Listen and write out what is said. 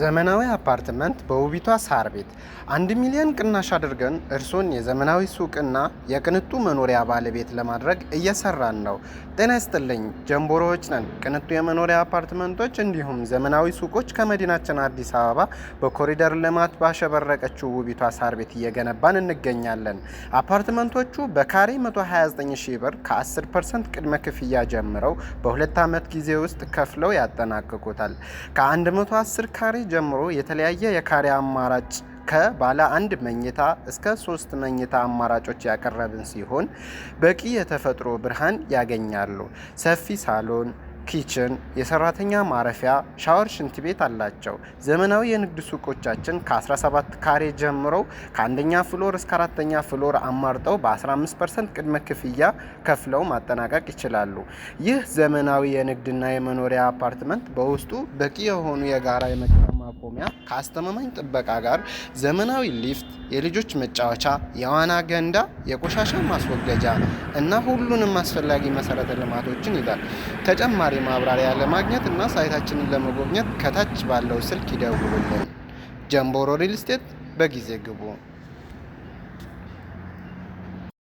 ዘመናዊ አፓርትመንት በውቢቷ ሳር ቤት አንድ ሚሊዮን ቅናሽ አድርገን እርሶን የዘመናዊ ሱቅና የቅንጡ መኖሪያ ባለቤት ለማድረግ እየሰራን ነው። ጤና ይስጥልኝ፣ ጀንቦሮዎች ነን። ቅንጡ የመኖሪያ አፓርትመንቶች እንዲሁም ዘመናዊ ሱቆች ከመዲናችን አዲስ አበባ በኮሪደር ልማት ባሸበረቀችው ውቢቷ ሳር ቤት እየገነባን እንገኛለን። አፓርትመንቶቹ በካሬ 129 ሺህ ብር ከ10 ፐርሰንት ቅድመ ክፍያ ጀምረው በሁለት ዓመት ጊዜ ውስጥ ከፍለው ያጠናቅቁታል። ከ110 ካሬ ጀምሮ የተለያየ የካሬ አማራጭ ከባለ አንድ መኝታ እስከ ሶስት መኝታ አማራጮች ያቀረብን ሲሆን በቂ የተፈጥሮ ብርሃን ያገኛሉ። ሰፊ ሳሎን፣ ኪችን፣ የሰራተኛ ማረፊያ፣ ሻወር፣ ሽንት ቤት አላቸው። ዘመናዊ የንግድ ሱቆቻችን ከ17 ካሬ ጀምሮ ከአንደኛ ፍሎር እስከ አራተኛ ፍሎር አማርጠው በ15 ፐርሰንት ቅድመ ክፍያ ከፍለው ማጠናቀቅ ይችላሉ። ይህ ዘመናዊ የንግድና የመኖሪያ አፓርትመንት በውስጡ በቂ የሆኑ የጋራ የመ ማቆሚያ ከአስተማማኝ ጥበቃ ጋር ዘመናዊ ሊፍት፣ የልጆች መጫወቻ፣ የዋና ገንዳ፣ የቆሻሻ ማስወገጃ እና ሁሉንም አስፈላጊ መሰረተ ልማቶችን ይዛል። ተጨማሪ ማብራሪያ ለማግኘት እና ሳይታችንን ለመጎብኘት ከታች ባለው ስልክ ይደውሉልን። ጀምቦሮ ሪል ስቴት በጊዜ ግቡ።